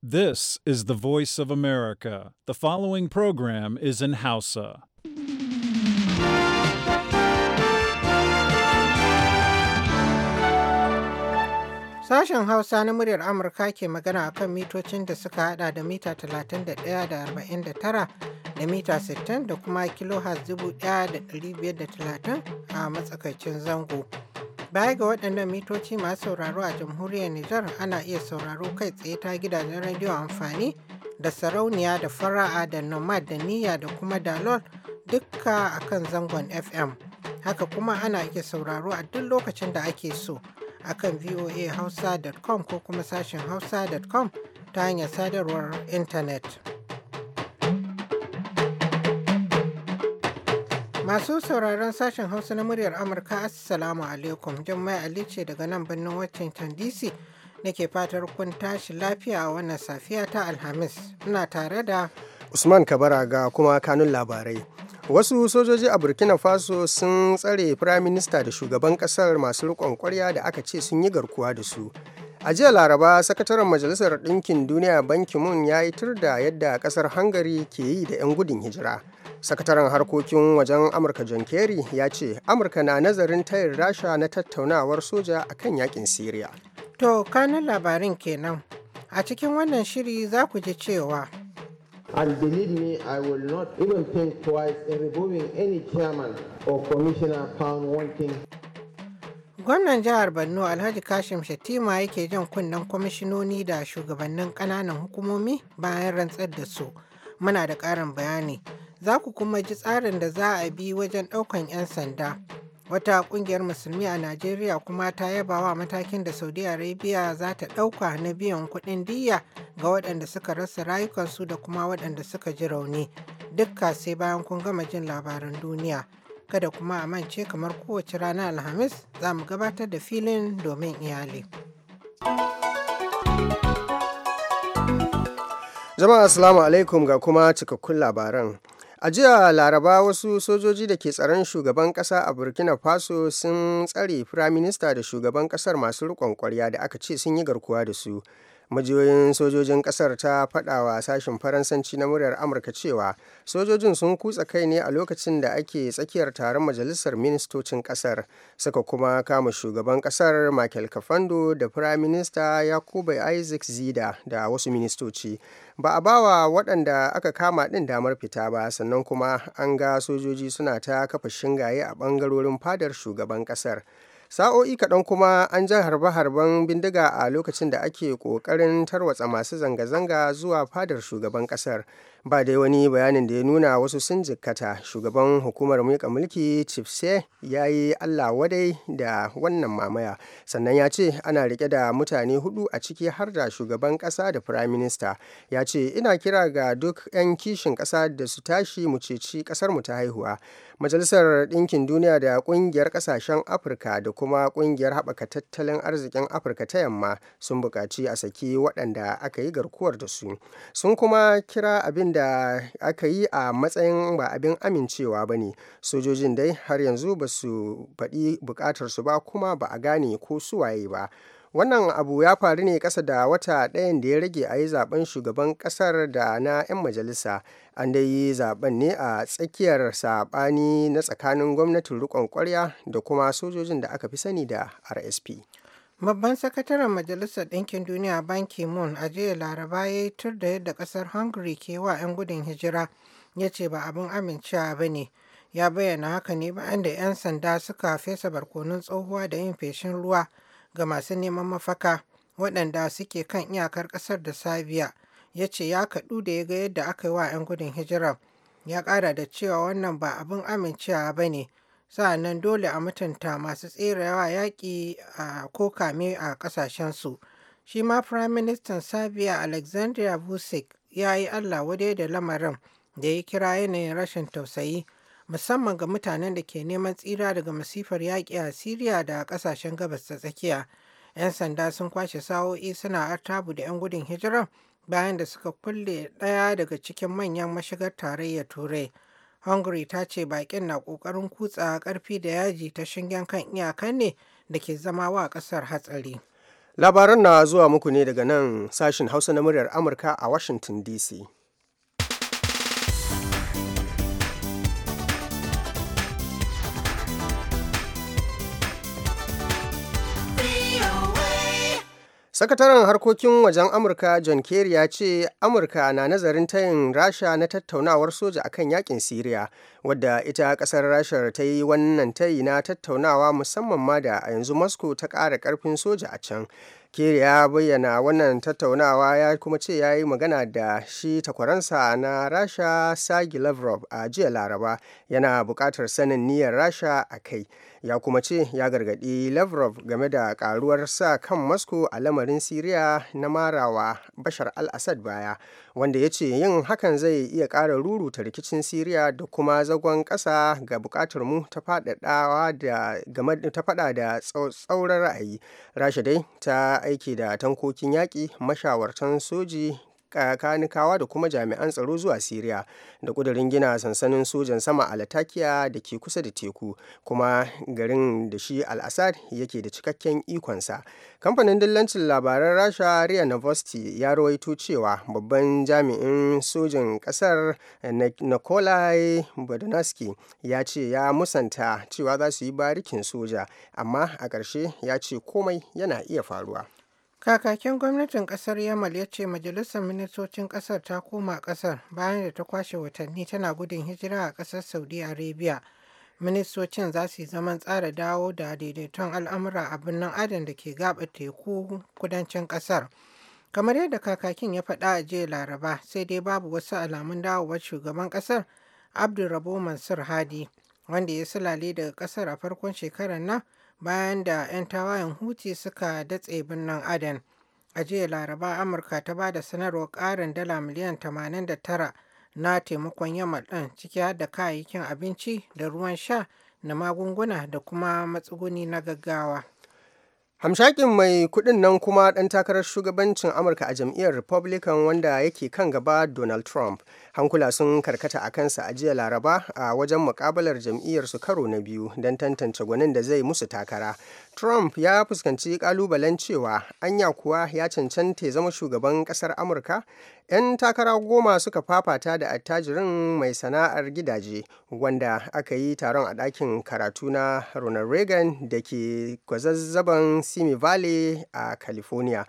This is the voice of America. The following program is in Hausa. Sashen Hausa na muryar Amurka ke magana a kan mitocin da suka hada da mita 31 da 49 da mita 60 da kuma kilohertz 1530 a matsakaicin zango. Baya ga waɗannan mitoci masu sauraro a jamhuriyar Nijar ana iya sauraro kai tsaye ta gidajen rediyo amfani da sarauniya da fara'a da nomad da niyya da kuma dalol dukka a kan zangon FM. Haka kuma ana iya sauraro a duk lokacin da ake so a kan voahausa.com ko kuma sashen hausa.com ta hanyar sadarwar intanet. Masu sauraron sashen Hausa na muryar Amurka Assalamu alaikum Jummai Ali ce daga nan birnin Washington DC nake fatar kun tashi lafiya a wannan safiya ta Alhamis. Muna tare da Usman Kabara ga kuma kanun labarai. Wasu sojoji a Burkina Faso sun tsare Firaminista da shugaban kasar masu riƙon kwarya da aka ce sun yi garkuwa da su. a jiya laraba sakataren majalisar ɗinkin duniya banki mun ya yi tur da yadda ƙasar hangari ke yi da 'yan gudun hijira sakataren harkokin wajen amurka john kerry ya ce amurka na nazarin tayin rasha na tattaunawar soja a kan yakin siriya to kanan labarin kenan a cikin wannan shiri za ku ji cewa And believe me, I will not even think twice in removing any chairman or commissioner found wanting. Gwamnan jihar Borno Alhaji Kashim Shatima yake jan kunnen kwamishinoni da shugabannin kananan hukumomi bayan rantsar da su. Muna da ƙarin bayani. Za ku kuma ji tsarin da za a bi wajen ɗaukan 'yan sanda. Wata ƙungiyar musulmi a Najeriya kuma ta yaba wa matakin da Saudi Arabia za ta ɗauka na biyan kuɗin diya ga waɗanda suka rasa rayukansu da kuma waɗanda suka ji rauni. Dukka sai bayan kun gama jin labaran duniya. Kada kuma a mance kamar kowace rana Alhamis za mu gabatar da filin domin iyali. Jama'a Assalamu alaikum ga kuma cikakkun labaran. A jiya Laraba wasu sojoji da ke tsaron shugaban kasa a Burkina Faso sun tsare firaminista da shugaban kasar masu riƙon ƙwarya da aka ce sun yi garkuwa da su. majiyoyin sojojin kasar ta faɗawa sashen faransanci na muryar amurka cewa sojojin sun kutsa kai ne a lokacin da ake tsakiyar taron majalisar ministocin kasar suka kuma kama shugaban kasar michael kafando da prime minister yakuba isaac zida da wasu ministoci ba a bawa waɗanda aka kama ɗin damar fita ba sannan kuma an ga sojoji suna ta kafa shingaye a ɓangarorin fadar shugaban ƙasar sa'o'i kaɗan kuma an jan harbe-harben bindiga a lokacin da ake ƙoƙarin tarwatsa masu zanga-zanga zuwa fadar shugaban ƙasar ba dai wani bayanin da ya nuna wasu sun jikkata shugaban hukumar miƙa mulki chipse ya yi allah wadai da wannan mamaya sannan ya ce ana rike da mutane hudu a ciki har da shugaban ƙasa da firayim minista ya ce ina kira ga duk 'yan kishin ƙasa da su tashi mu ceci ƙasar mu ta haihuwa majalisar ɗinkin duniya da ƙungiyar ƙasashen afirka da kuma ƙungiyar haɓaka tattalin arzikin afirka ta yamma sun buƙaci a saki waɗanda aka yi garkuwar da su sun kuma kira abin aikin da aka yi a matsayin ba abin amincewa ba ne sojojin dai har yanzu ba su faɗi su ba kuma ba a gane ko suwaye ba wannan abu ya faru ne ƙasa da wata ɗayan da ya rage a yi zaben shugaban ƙasar da na 'yan majalisa an dai yi zaben ne a tsakiyar saɓani na tsakanin gwamnatin riƙon ƙwarya da kuma sojojin da aka fi sani da rsp Babban sakataren Majalisar Ɗinkin Duniya Ban Ki-moon a jiya Laraba ya yi tur da yadda ƙasar Hungary ke wa 'yan gudun hijira ya ce ba abin amincewa ba ne. Ya bayyana haka ne bayan da 'yan sanda suka fesa barkonun tsohuwa da yin feshin ruwa ga masu neman mafaka waɗanda suke kan iyakar ƙasar da Sabiya. Ya ce ya kaɗu da ya ga yadda aka yi wa 'yan gudun hijira, Ya ƙara da cewa wannan ba abin amincewa ba ne. nan dole a mutunta masu tserewa yaƙi a ko kame a ƙasashensu shi ma prime minister serbia alexandria vucic ya yi allah wadai da lamarin da ya kira yanayin rashin tausayi musamman ga mutanen da ke neman tsira daga masifar yaƙi a Siriya da ƙasashen gabas ta tsakiya. 'Yan sanda sun kwashe sa'o'i suna artabu da 'yan gudun hijira bayan da suka kulle ɗaya daga cikin manyan mashigar tarayyar Turai. hungary ta ce bakin na kokarin kutsa karfi da yaji ta shingen kan iyakan ne da ke zama wa kasar hatsari labaran na zuwa muku ne daga nan sashin hausa na muryar amurka a washington dc Sakataren harkokin wajen Amurka John Kerry ya ce Amurka na nazarin tayin Rasha na tattaunawar soja akan yakin Siriya, wadda ita kasar Rasha ta yi wannan tayi na tattaunawa musamman ma da a yanzu Moscow ta ƙara ƙarfin soja a can. kiri ya bayyana wannan tattaunawa ya kuma ce ya yi magana da shi takwaransa na Rasha sagi Lavrov a jiya Laraba yana buƙatar sanin niyyar Rasha a kai. Ya kuma ce ya gargaɗi Lavrov game da ƙaruwar sa kan masko a lamarin Siriya na marawa Bashar al-Assad baya, wanda ya ce yin hakan zai iya ƙara ruruta rikicin Siriya da kuma zagon ƙasa ga buƙatar mu ta fada da faɗa da tsauran ra'ayi. Rasha dai ta aiki da tankokin yaƙi mashawartan soji kanikawa da kuma jami'an tsaro zuwa Siriya da kudurin gina sansanin sojan sama a Latakia da ke kusa da teku kuma garin da shi Al-Assad yake da cikakken ikonsa. Kamfanin dillancin labaran Rasha Ria Novosti ya rawaito cewa babban jami'in sojan ƙasar Nikolai Bodanaski ya ce ya musanta cewa za su yi barikin soja amma a ƙarshe ya ce komai yana iya faruwa. Kakakin gwamnatin kasar Yamal ya ce majalisar ministocin kasar ta koma kasar bayan da ta kwashe watanni tana gudun hijira a kasar Saudi Arabia. Ministocin za su yi zaman tsara dawo da daidaiton al'amura a birnin Adan da ke gaba teku kudancin kasar. Kamar yadda kakakin ya faɗa a jiya Laraba sai dai babu wasu alamun dawowar shugaban kasar Abdulrabo Mansur Hadi wanda ya sulale daga kasar a farkon shekarar nan bayan da 'yan tawayen huti suka datse birnin Aden. A jiya Laraba Amurka ta ba da sanarwa ƙarin dala miliyan 89 na taimakon Yamal ɗin ciki har da kayayyakin abinci da ruwan sha na magunguna da kuma matsuguni na gaggawa. hamshakin mai kudin nan kuma dan takarar shugabancin amurka a jam'iyyar republican wanda yake kan gaba donald trump hankula sun karkata a kansa a jiya laraba a wajen mukabalar jam'iyyar su karo na biyu don tantance gwanin da zai musu takara Trump ya fuskanci kalubalen cewa anya kuwa ya cancanta zama shugaban kasar Amurka. 'Yan takara goma suka fafata da attajirin mai sana'ar gidaje wanda aka yi taron a ɗakin karatu na Ronald Reagan da ke gwazazzaban Simi Valley a California.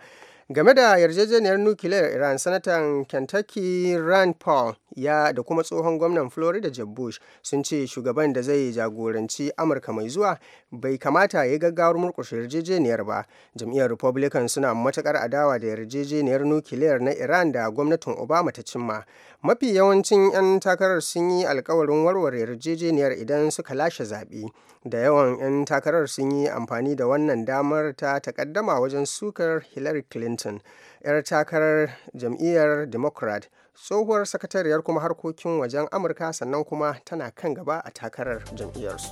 game da yarjejeniyar nukiliyar iran sanatan kentucky rand paul ya da kuma tsohon gwamnan florida jeb bush sun ce shugaban da zai jagoranci amurka mai zuwa bai kamata ya yi gaggawar murkushe yarjejeniyar ba jam'iyyar republican suna matukar adawa da yarjejeniyar nukiliyar na iran da gwamnatin obama ta cimma mafi yawancin 'yan takarar sun yi alkawarin warware yarjejeniyar idan suka lashe zaɓe da yawan 'yan takarar sun yi amfani da wannan damar ta takaddama wajen sukar hillary clinton 'yar takarar jam'iyyar democrat tsohuwar sakatariyar kuma harkokin wajen amurka sannan kuma tana kan gaba a takarar jam'iyyarsu.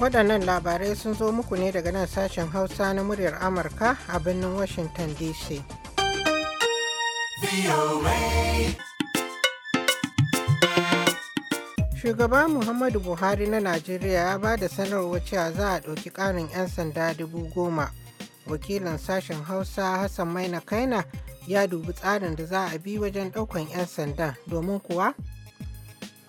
waɗannan labarai sun zo muku ne daga nan sashen hausa na muryar amurka a birnin washington dc shugaba muhammadu buhari na najeriya ya ba da sanarwa cewa za a ɗauki ƙarin 'yan sanda dubu goma wakilin sashen hausa hassan maina kaina ya dubi tsarin da za a bi wajen ɗaukan 'yan sanda domin kuwa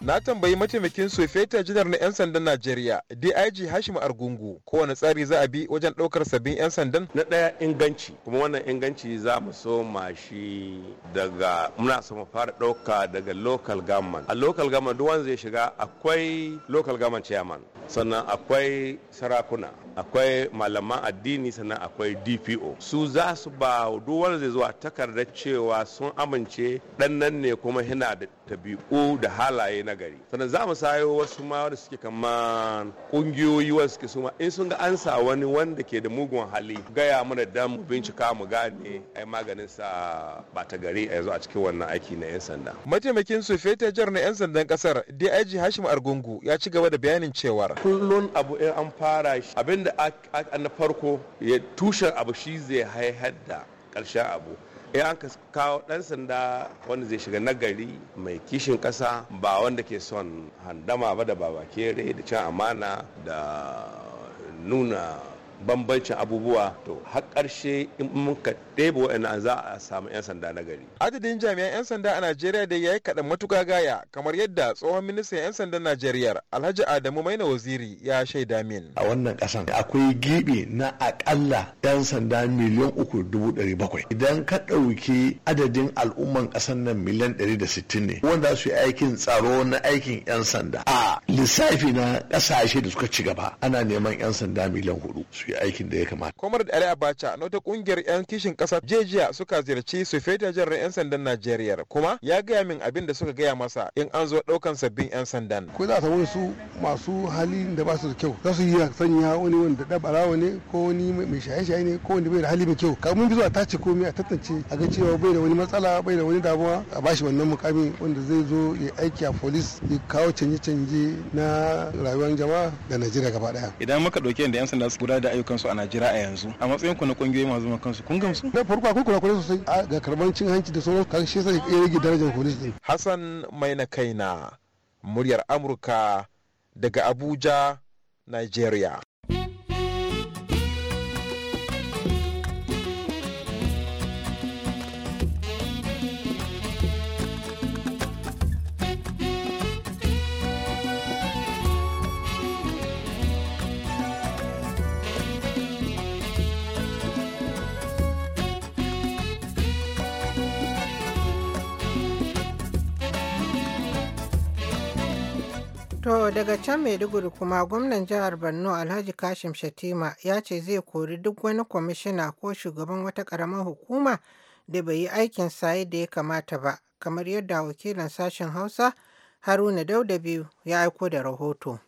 na tambayi mataimakin sofeta jinar na 'yan sandan najeriya dig hashim argungu kowane tsari za a bi wajen ɗaukar sabbin 'yan sandan na ɗaya inganci kuma wannan inganci za mu so mashi daga muna so mu fara ɗauka daga local government a local government duk wanda zai shiga akwai local government chairman sannan akwai sarakuna akwai malaman addini sannan akwai dpo su za su ba duk wanda zai zuwa takardar cewa sun amince dan nan ne kuma yana da tabi'u da halaye na gari sannan za mu sayo wasu ma wanda suke kama kungiyoyi wanda suke suma in sun ga an sa wani wanda ke da mugun hali gaya mana dan mu bincika mu gane ai maganin sa ba ta gari a yanzu a cikin wannan aiki na yan sanda mataimakin su fete jar na yan sandan kasar dig hashim argungu ya ci gaba da bayanin cewar kullun abu in an fara shi abin abin da na farko ya tushen abu shi zai haihar da ƙarshen abu in an kawo ɗan sanda wanda zai shiga nagari mai kishin ƙasa ba wanda ke son handama ba da babakere da cin amana da nuna bambancin abubuwa to har ƙarshe in muka ɗebe wa'annan za a samu 'yan sanda na gari. Adadin jami'an 'yan sanda a Najeriya da ya yi kaɗan matuƙa gaya kamar yadda tsohon ministan 'yan sandan Najeriya Alhaji Adamu Maina Waziri ya shaida min. A wannan ƙasan akwai girbi na aƙalla 'yan sanda miliyan uku dubu ɗari bakwai. Idan ka ɗauki adadin al'umman ƙasar nan miliyan ɗari da sittin ne wanda su yi aikin tsaro na aikin 'yan sanda. A lissafi na ƙasashe da suka ci gaba ana neman 'yan sanda miliyan hudu su aikin da ya kamata. Kwamar Ali Abacha na wata kungiyar 'yan kishin ƙasa jejiya suka ziyarci su feta jiran 'yan sandan Najeriya kuma ya gaya min abin da suka gaya masa in an zo ɗaukan sabbin 'yan sandan. Ko za a samu su masu hali da ba su da kyau za su yi sanya wani wani da ne ko wani mai shaye-shaye ne ko wani bai da hali mai kyau kamun bi zuwa tace komai a tantance a ga cewa bai da wani matsala bai da wani damuwa a bashi wannan mukami wanda zai zo ya aiki a polis ya kawo canje-canje na rayuwar jama'a da Najeriya gaba daya. Idan muka ɗauki yadda 'yan sanda su gudanar da ayyukansu a Najeriya a yanzu a matsayin ku na kungiyoyi masu zaman kansu kun gamsu na farko akwai kula sosai ga karban cin hanci da sauran kan shi sai ya rage darajar police din Hassan Maina Kaina muryar Amurka daga Abuja Nigeria To daga can Maiduguri kuma gwamnan jihar Borno Alhaji Kashim Shatima ya ce zai kori duk wani kwamishina ko shugaban wata ƙaramar hukuma da bai yi aikin saye da ya kamata ba, kamar yadda wakilin sashen Hausa Haruna Dauda biyu ya aiko da rahoto.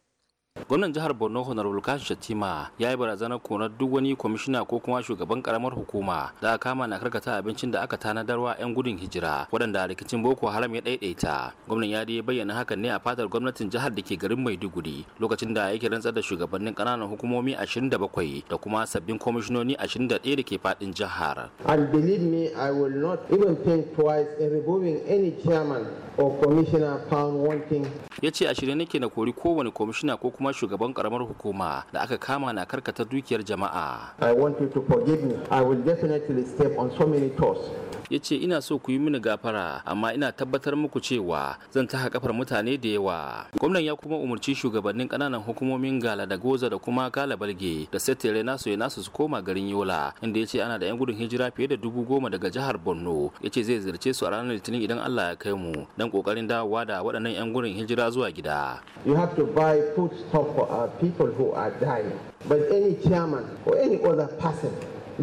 gwamnan jihar borno honorable kashi shatima ya yi barazanar konar duk wani kwamishina ko kuma shugaban karamar hukuma da aka kama na karkata abincin da aka tanadarwa 'yan gudun hijira waɗanda rikicin boko haram ya ɗaiɗaita gwamnan ya dai bayyana hakan ne a fatar gwamnatin jihar da ke garin maiduguri lokacin da yake rantsar da shugabannin ƙananan hukumomi 27 da kuma sabbin kwamishinoni 21 da ke faɗin jihar. and believe me i will not even think twice in removing any chairman or commissioner found wanting. ya ce a shirye nake na kori kowane kwamishina ko kuma kuma shugaban karamar hukuma da aka kama na karkata dukiyar jama'a. I want you to forgive me. I will definitely step on so many toes. ya ce ina so ku yi mini gafara amma ina tabbatar muku cewa zan taha kafar mutane da yawa gwamnan ya kuma umarci shugabannin kananan hukumomin gala da goza da kuma kala balge da setere nasu ya nasu su koma garin yola inda ya ce ana da yan gudun hijira fiye da dubu goma daga jihar borno ya ce zai ziyarce su a ranar litinin idan allah ya kai mu dan kokarin dawowa da waɗannan yan gudun hijira zuwa gida you have to buy food stock for our people who are dying but any chairman or any other person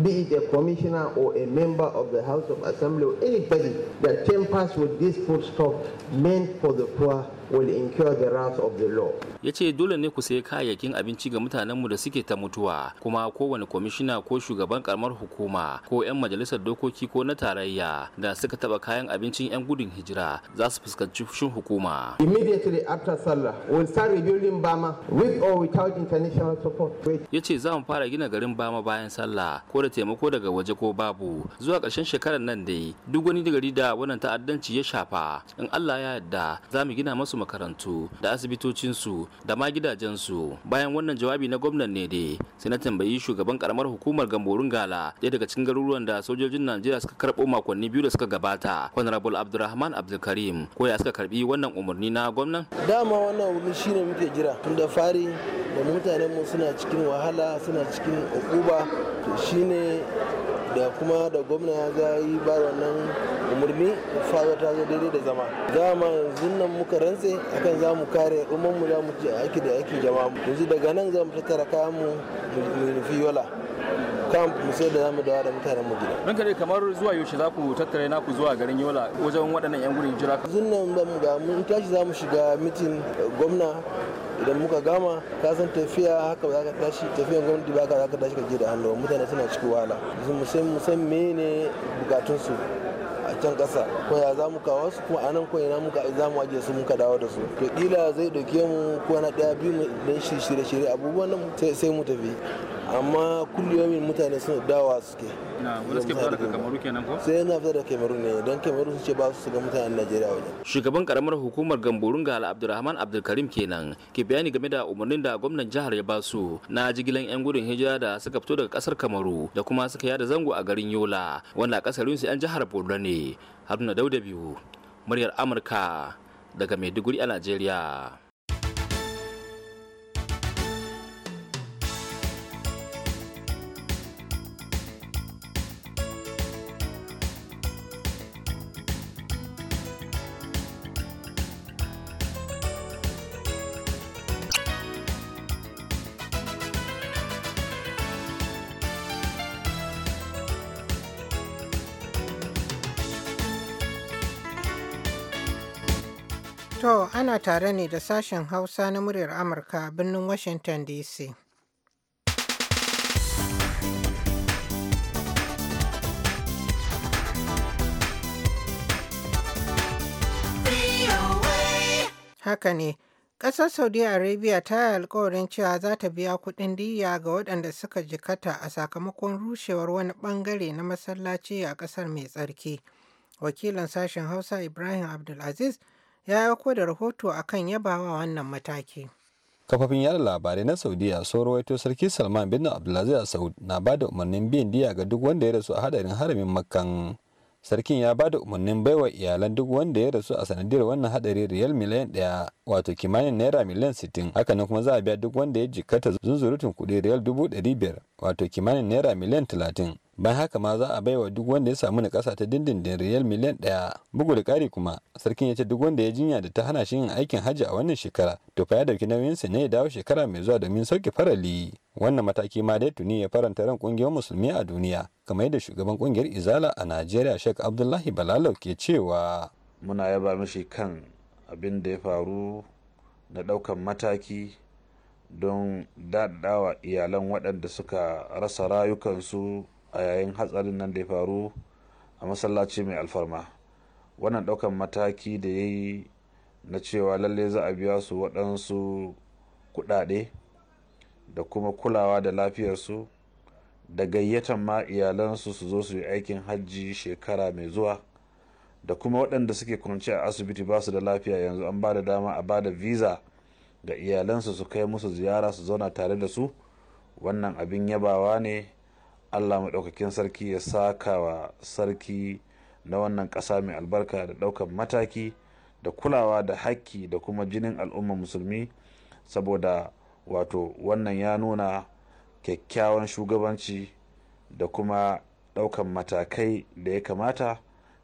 be it a commissioner or a member of the House of Assembly or any person that tempers with this foodstuff meant for the poor will incur the wrath of the law. Ya ce dole ne ku sayi kayayyakin abinci ga mutanenmu da suke ta mutuwa, kuma kowane kwamishina ko shugaban karamar hukuma ko 'yan majalisar dokoki ko na tarayya da suka taba kayan abincin 'yan gudun hijira za su fuskanci fushin hukuma. Immediately after Sallah, we'll start rebuilding Bama with or without international support. Ya ce za mu fara gina garin Bama bayan Sallah ko da taimako daga waje ko babu zuwa ƙarshen shekarar nan dai duk wani gari da wannan ta'addanci ya shafa in Allah ya yarda za mu gina masu makarantu da asibitocinsu da ma gidajensu bayan wannan jawabi na gwamnan ne dai sai na tambayi shugaban karamar hukumar gamborun gala ɗaya daga cikin garuruwan da sojojin najeriya suka karɓo makonni biyu da suka gabata honorable abdulrahman abdulkarim ko ya suka karɓi wannan umarni na gwamnan dama wannan umarni shine muke jira tun da fari da mutanen mu suna cikin wahala suna cikin ukuba to shine da kuma da gwamna ya ga yi ba wannan umarni fazo ta zo daidai da zama dama yanzu nan muka rantse akan za mu kare umman mu za mu ji aiki da aiki jama'a yanzu daga nan za mu tattara kayan mu mu nufi yola kamp mu sai da zamu dawo da mutanen mu gida ranka dai kamar zuwa yaushe za ku tattare na ku zuwa garin yola wajen waɗannan yan gurin jira yanzu nan ga mun tashi za mu shiga mitin eh, gwamna idan muka gama ka san tafiya haka ba za ka tashi tafiyan gwamnati ba za ka tashi ka je da hannu mutane suna cikin wahala mu san mene bukatunsu a can kasa ko ya za mu kawo su kuma anan ko ina muka za mu ajiye su muka dawo da su to kila zai dauke mu ko na daya biyu mu dan shirye-shirye abubuwan nan sai mu tafi amma kulliyomin mutane suna dawa suke sai yana fitar da kamaru ne don kamaru su ce ba su ga mutanen najeriya wajen shugaban karamar hukumar gamborun ga abdulrahman abdulkarim kenan ke bayani game da umarnin da gwamnan jihar ya basu na jigilan yan gudun hijira da suka fito daga kasar kamaru da kuma suka yada zango a garin yola wanda kasarinsu su yan jihar borno ne haruna dauda biyu muryar amurka daga maiduguri a najeriya Ana tare ne da sashen Hausa na muryar Amurka a birnin Washington DC. Haka ne, ƙasar Saudi Arabia ta yi alkawarin cewa za ta biya kuɗin diyya ga waɗanda suka jikata a sakamakon rushewar wani ɓangare na masallaci a ƙasar mai tsarki. Wakilin sashen Hausa Ibrahim Abdulaziz ya ko da rahoto akan yabawa wannan mataki. kafafin yada labarai na saudiya sun rawaito sarki salman bin abdulaziz a saud na ba da umarnin biyan diya ga duk wanda ya rasu a hadarin haramin makkan sarkin ya ba da umarnin baiwa iyalan duk wanda ya rasu a sanadiyar wannan hadari riyal miliyan daya wato kimanin naira miliyan sittin haka hakanan kuma za a biya duk wanda ya jikkata zunzurutun kuɗi riyal dubu ɗari biyar wato kimanin naira miliyan talatin bai haka ma za a bai wa duk wanda ya samu na ta dindindin riyal miliyan ɗaya bugu da ƙari kuma sarkin ya ce duk wanda ya jinya da ta hana shi yin aikin hajji a wannan shekara to fa ya dauki sa ne ya dawo shekara mai zuwa domin sauke farali wannan mataki ma dai tuni ya faranta ran kungiyar musulmi a duniya kamar yadda shugaban kungiyar izala a najeriya sheikh abdullahi balalau ke cewa muna yaba mishi kan abin da ya faru na ɗaukan mataki don daɗawa iyalan waɗanda suka rasa rayukansu a yayin hatsarin nan da ya faru a masallaci mai alfarma wannan daukan mataki da ya yi na cewa lalle za a biya su waɗansu kuɗaɗe da kuma kulawa da lafiyarsu da gayyatan ma iyalansu su zo su yi aikin hajji shekara mai zuwa da kuma waɗanda suke kwanci a asibiti ba su da lafiya yanzu an ba da dama a ba da visa ga iyalansu su kai musu ziyara su zauna tare da su wannan abin yabawa ne allah maɗaukakin sarki ya saka wa sarki na wannan ƙasa mai albarka da ɗaukar mataki da kulawa da haƙƙi da kuma jinin al'ummar musulmi saboda wato wannan ya nuna kyakkyawan shugabanci da kuma ɗaukan matakai da ya kamata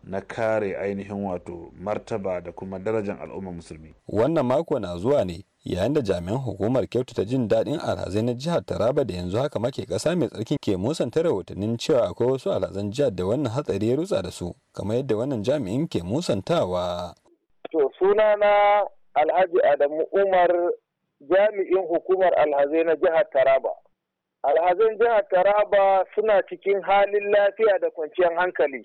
na kare ainihin wato martaba da kuma darajar al'ummar musulmi. Wannan mako na zuwa ne yayin da jami'an hukumar ta jin daɗin alhazai na jihar Taraba da yanzu haka make ƙasa mai tsarkin ke musanta rahotannin cewa akwai wasu alhazan jihar da wannan hatsari ya rutsa da su kamar yadda wannan jami'in ke musantawa. To sunana Alhaji Adamu Umar jami'in hukumar alhazai na jihar Taraba. Alhazan jihar Taraba suna cikin halin lafiya da kwanciyar hankali.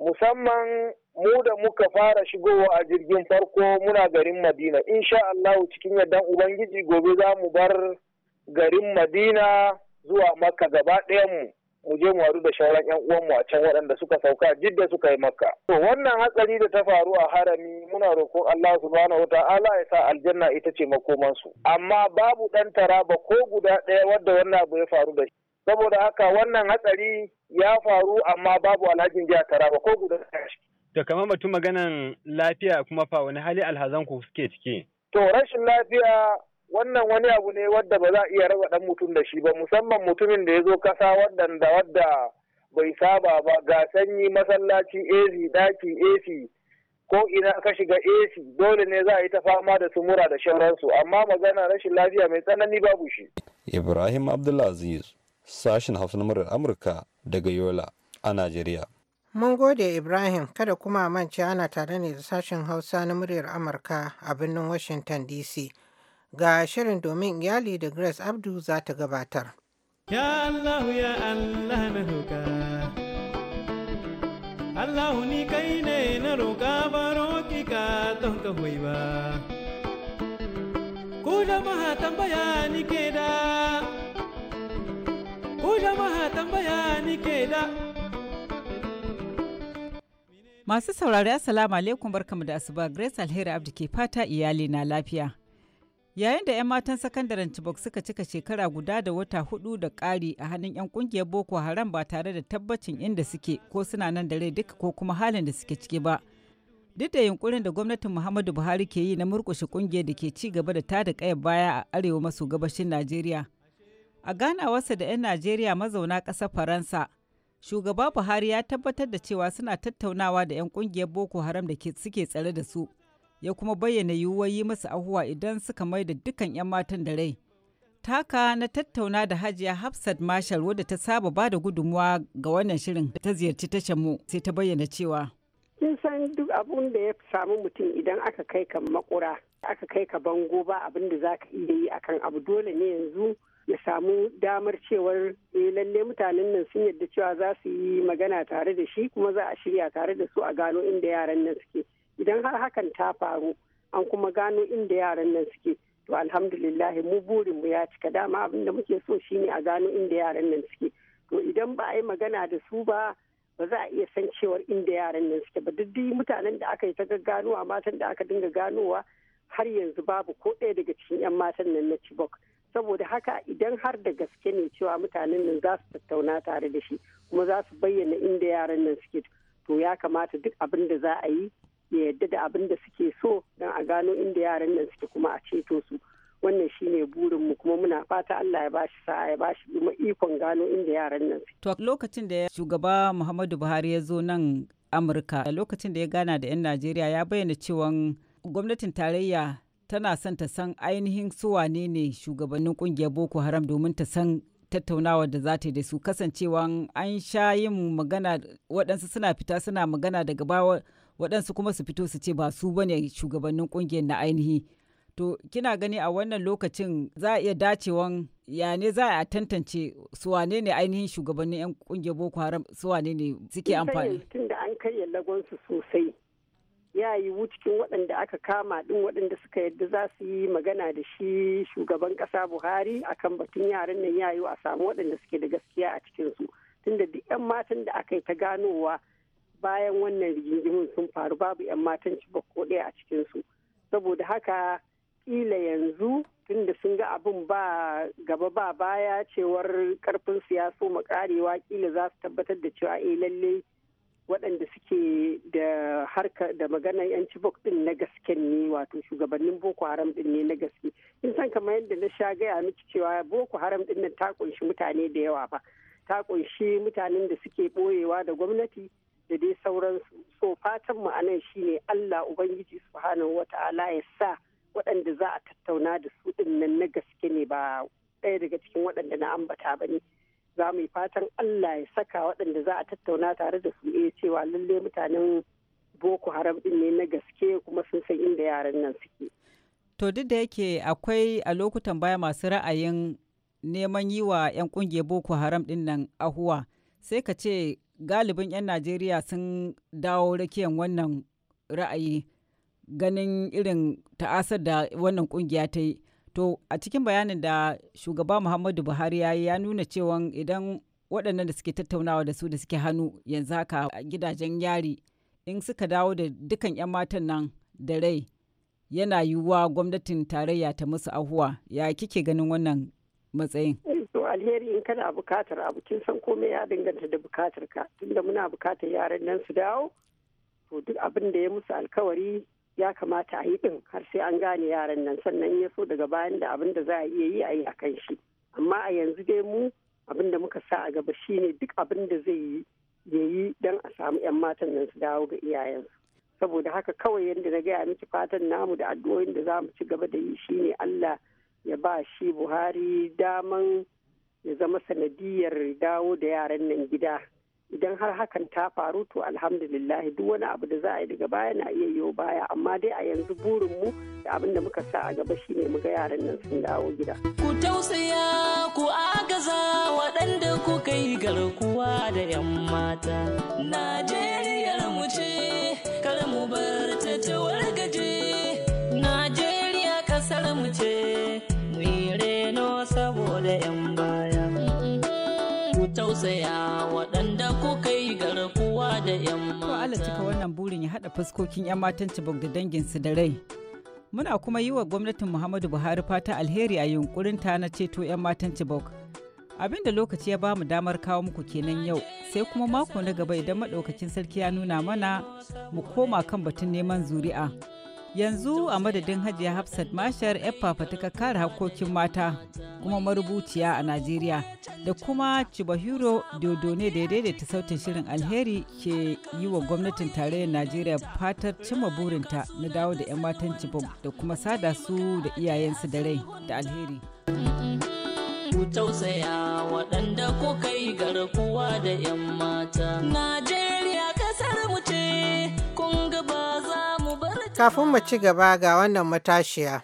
musamman mu da muka fara shigowa a jirgin farko muna garin madina insha Allah cikin yardan ubangiji gobe za mu bar garin madina zuwa makka gaba ɗaya mu je mu haɗu da shauran yan mu a can waɗanda suka sauka jidda suka yi makka to wannan hatsari da ta faru a harami muna roƙon Allah subhanahu wataala ya sa aljanna ita ce makomansu amma babu ɗan taraba ko guda ɗaya wadda wannan abu ya faru da shi saboda haka wannan hatsari ya faru amma babu alhajin jiya taraba ko guda to kamar mutum maganan lafiya kuma fa wani hali alhazan ku suke ciki to rashin lafiya wannan wani abu ne wadda ba za a iya raba ɗan mutum da shi ba musamman mutumin da ya zo kasa da wadda bai saba ba ga sanyi masallaci AC daki AC ko ina ka shiga AC dole ne za a yi ta fama da sumura da shauransu amma magana rashin lafiya mai tsanani babu shi Ibrahim Abdulaziz sashen hausa na murar amurka daga yola a najeriya mun gode ibrahim kada kuma mance ana tare ne da sashen hausa na muryar amurka a birnin washington dc ga shirin domin iyali da grace abdu za ta gabatar ya allah ya na roka allah ni kai ne na ke Masu saurari Assalamu alaikum barkamu da asuba Grace Alheri Abdi ke fata iyali na lafiya. Yayin da 'yan matan sakandaren Chibok suka cika shekara guda da wata hudu da ƙari a hannun 'yan kungiyar Boko Haram ba tare da tabbacin inda suke ko suna nan da rai duka ko kuma halin da suke ciki ba. Duk da yunkurin da gwamnatin Muhammadu Buhari ke yi na murkushe kungiyar da ke ci gaba da tada kaya baya a arewa maso gabashin Najeriya. A ganawarsa da 'yan Najeriya mazauna ƙasar Faransa, shugaba Buhari ya tabbatar da cewa suna tattaunawa da 'yan ƙungiyar Boko Haram da suke tsare da su, ya kuma bayyana yiwuwar yi musu ahuwa idan suka mai da dukkan 'yan matan da rai. Taka na tattauna da Hajiya Hafsat Marshall wadda ta saba ba da gudunmuwa ga wannan shirin da ta ziyarci tashar mu sai ta bayyana cewa. Kin san duk abun da ya samu mutum idan aka kai ka makura, aka kai ka bango ba abin da za ka iya yi akan abu dole ne yanzu ya samu damar cewar eh, lalle mutanen nan sun yadda cewa za su yi magana tare da shi kuma za a shirya tare da su a gano inda yaran nan suke idan har hakan ta faru an kuma gano inda yaran nan suke to alhamdulillah mu burin mu ya cika dama abin da muke so shine a gano inda yaran nan suke to idan ba a yi magana da su ba ba za a iya san cewar inda yaran nan suke ba duk mutanen da aka yi ta gagganowa matan da aka dinga ganowa har yanzu babu ko ɗaya daga cikin 'yan matan nan na Chibok saboda haka idan har da gaske ne cewa mutanen nan za su tattauna tare da shi kuma za su bayyana inda yaran nan suke to ya kamata duk abin da za a yi ya yadda da abin da suke so don a gano inda yaran nan suke kuma a ceto su wannan shi shine burinmu kuma muna fata Allah ya bashi sa'a ya bashi kuma ikon gano inda yaran nan suke. To lokacin da shugaba Muhammadu Buhari ya zo nan Amurka lokacin da ya gana da 'yan Najeriya ya bayyana cewa gwamnatin tarayya tana son ta san ainihin su ne shugabannin kungiyar boko haram domin ta san tattaunawa da za ta yi da su kasancewa an sha yin magana waɗansu suna fita suna magana daga bawa waɗansu kuma su fito su ce ba su bane shugabannin kungiyar na ainihi to kina gani a wannan lokacin za a iya dacewan ya ne za a tantance su ne ainihin shugabannin 'yan kungiyar boko haram su wane ne suke amfani tun da an karya lagonsu sosai ya yiwu cikin waɗanda aka kama ɗin waɗanda suka yadda za su yi magana da shi shugaban ƙasa buhari akan batun yaran nan ya yiwu a samu waɗanda suke da gaskiya a cikinsu tunda duk 'yan matan da aka yi ta ganowa bayan wannan rigingimin sun faru babu 'yan matan cibok ko ɗaya a cikinsu saboda haka ƙila yanzu tunda sun ga abin ba gaba ba baya cewar karfin su ya so makarewa kila za su tabbatar da cewa eh lallai waɗanda suke da harka da maganar 'yanci bok din na gaske ne wato shugabannin boko haram din ne na gaske in san kamar yadda na sha gaya miki cewa boko haram din nan ta kunshi mutane da yawa fa ta kunshi mutanen da suke boyewa da gwamnati da dai sauransu so fatan mu anan shine Allah ubangiji subhanahu wata'ala ya sa waɗanda za a tattauna da su din nan na gaske ne ba ɗaya daga cikin waɗanda na ambata ba ne za mu yi fatan Allah ya saka waɗanda za a tattauna tare da su iya eh, cewa lalle mutanen boko haram din ne na gaske kuma sun san inda yaran nan suke. To duk da yake akwai a lokutan baya masu ra'ayin neman yi wa 'yan kungiyar boko haram din nan ahuwa sai ka ce galibin 'yan Najeriya sun dawo rakiyan wannan ra'ayi ganin irin ta'asar da wannan kungiya ta yi. To a cikin bayanin da shugaba Muhammadu Buhari ya yi ya nuna cewa idan waɗannan da suke tattaunawa da su da suke hannu yanzu haka a gidajen yari in suka dawo da dukan 'yan matan nan da rai yana yiwuwa gwamnatin tarayya ta musu ahuwa ya kike ganin wannan matsayin. Eh, to alheri in kana bukatar abu kin san komai ya danganta da bukatar ka tunda muna bukatar yaran nan su dawo to duk abin da ya musu alkawari ya kamata a yi din har sai an gane yaran nan sannan ya so daga bayan da abin da za a iya yi a yi a kan shi amma a yanzu dai mu abin da muka sa a gaba shine duk abin da zai yi ya yi don a samu 'yan matan nan su dawo ga iyayensu saboda haka kawai yadda na gaya miki fatan namu da addu'o'in da za mu ci gaba da yi shine Allah ya ba shi Buhari daman ya zama sanadiyar dawo da yaran nan gida idan har hakan ta faru to alhamdulillah duk wani abu da za a yi daga baya na iya yiwo baya amma dai a yanzu burin mu da abin da muka sa a gaba shine mu ga yaran nan sun dawo gida ku tausaya ku agaza waɗanda ku kai garkuwa da yan mata najeriyar mu ce kar mu bar ta ta najeriya kasar mu ce mu reno saboda yan baya tausaya waɗanda kuka yi garkuwa da 'yan mata. Allah cika wannan burin ya haɗa fuskokin 'yan matan Chibok da dangin su da rai. Muna kuma yi wa gwamnatin Muhammadu Buhari fata alheri a ta na ceto 'yan matan Chibok. Abin da lokaci ya bamu damar kawo muku kenan yau sai kuma mako na gaba idan maɗaukakin sarki ya nuna mana mu koma kan batun neman zuri'a. yanzu a madadin hajiya hafsat mashar yar ta kare hakokin mata kuma marubuciya a najeriya da kuma chibahiro dodone da ya daidaita sautin shirin alheri ke yi wa gwamnatin tarayyar najeriya fatar cimma burinta na dawo da 'yan matan cibom da kuma sada su da iyayensu da rai da alheri tausaya waɗanda kuka yi garkuwa da 'yan mata Kafin mu ci gaba ga wannan matashiya.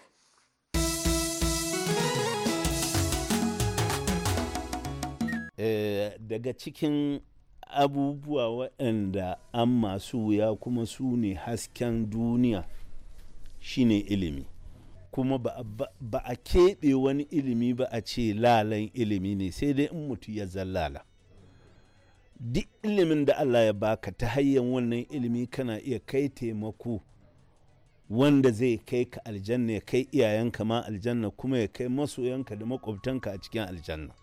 Eh, daga cikin abubuwa waɗanda an masu wuya kuma su ne hasken duniya shine ilimi kuma ba, a keɓe wani ilimi ba a ce lalan ilimi ne sai dai in mutu ya zallala duk ilimin da allah ya baka ta hanyar wannan ilimi kana iya kai taimako wanda zai kai ka aljanna ya kai iyayenka ma aljanna kuma ya kai masoyanka da makwabtanka a cikin aljanna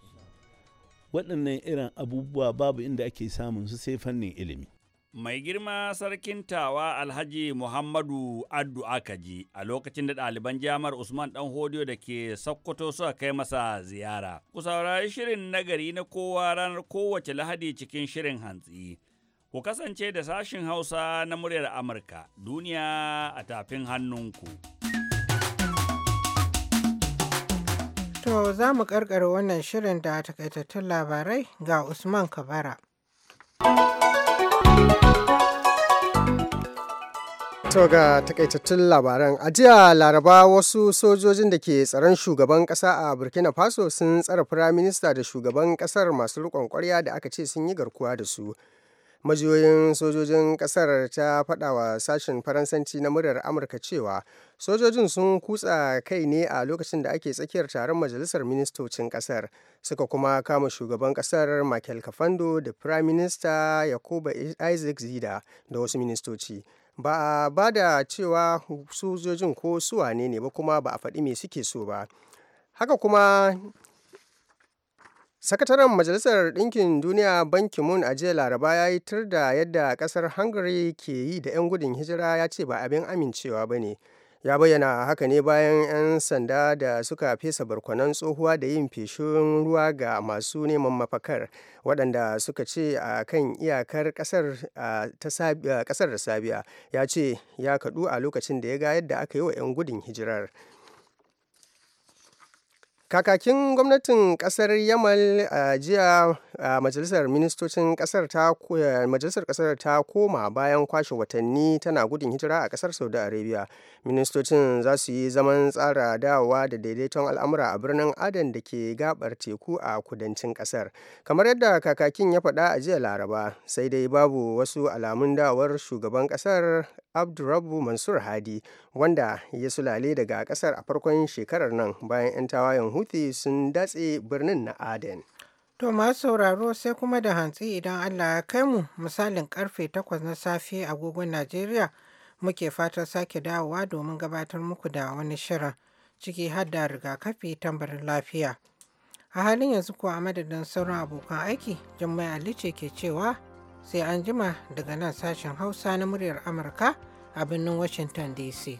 waɗannan irin abubuwa babu inda ake samun su sai fannin ilimi mai girma sarkin tawa alhaji muhammadu addu akaji a lokacin da ɗaliban jamar usman dan hodiyo da ke sokoto suka kai masa ziyara ku saurari shirin nagari na kowa ranar kowace lahadi cikin shirin hantsi Ku kasance da sashin Hausa na muryar Amurka duniya a tafin hannunku. To za mu karkar wannan shirin da takaitattun labarai ga Usman Kabara. To ga takaitattun labaran a jiya laraba wasu sojojin da ke tsaron shugaban kasa a burkina faso sun tsara firaminista da shugaban kasar masu rikon kwarya da aka ce sun yi garkuwa da su majiyoyin sojojin kasar ta faɗa wa sashen faransanci na muryar amurka cewa sojojin sun kutsa kai ne a lokacin da ake tsakiyar taron majalisar ministocin kasar suka kuma kama shugaban kasar michael kafando da prime minister yakuba isaac zida da wasu ministoci ba a ba da cewa sojojin ko suwane ne ba kuma ba a faɗi me suke so ba haka kuma Sakataren Majalisar Ɗinkin Duniya Ban Ki-moon a jiya Laraba ya yi tur da yadda ƙasar Hungary ke yi da 'yan gudun hijira ya ce ba abin amincewa ba ne. Ya bayyana haka ne bayan 'yan sanda da suka fesa barkwanon tsohuwa da yin feshin ruwa ga masu neman mafakar waɗanda suka ce a kan iyakar ƙasar da Sabiya ya ce ya kaɗu a lokacin da ya ga yadda aka yi wa 'yan gudun hijirar. kakakin gwamnatin kasar yamal a jiya majalisar ministocin kasar ta majalisar kasar ta koma bayan kwashe watanni tana gudun hijira a kasar saudi arabia ministocin za su yi zaman tsara dawowa da daidaiton al'amura a birnin adan da ke gabar teku a kudancin kasar kamar yadda kakakin ya faɗa a jiya laraba sai dai babu wasu alamun dawar shugaban kasar abdurrabu mansur hadi wanda ya sulale daga kasar a farkon shekarar nan bayan 'yan tawayen huthi sun datse birnin na aden to masu sauraro sai kuma da hantsi idan allah ya kai mu misalin karfe takwas na safe agogon najeriya muke fatar sake dawowa domin gabatar muku da wani shirin ciki har da rigakafi tambarin lafiya a halin yanzu kuwa a madadin sauran abokan aiki Ali ce ke cewa sai an jima daga nan sashen hausa na muryar amurka a birnin washington dc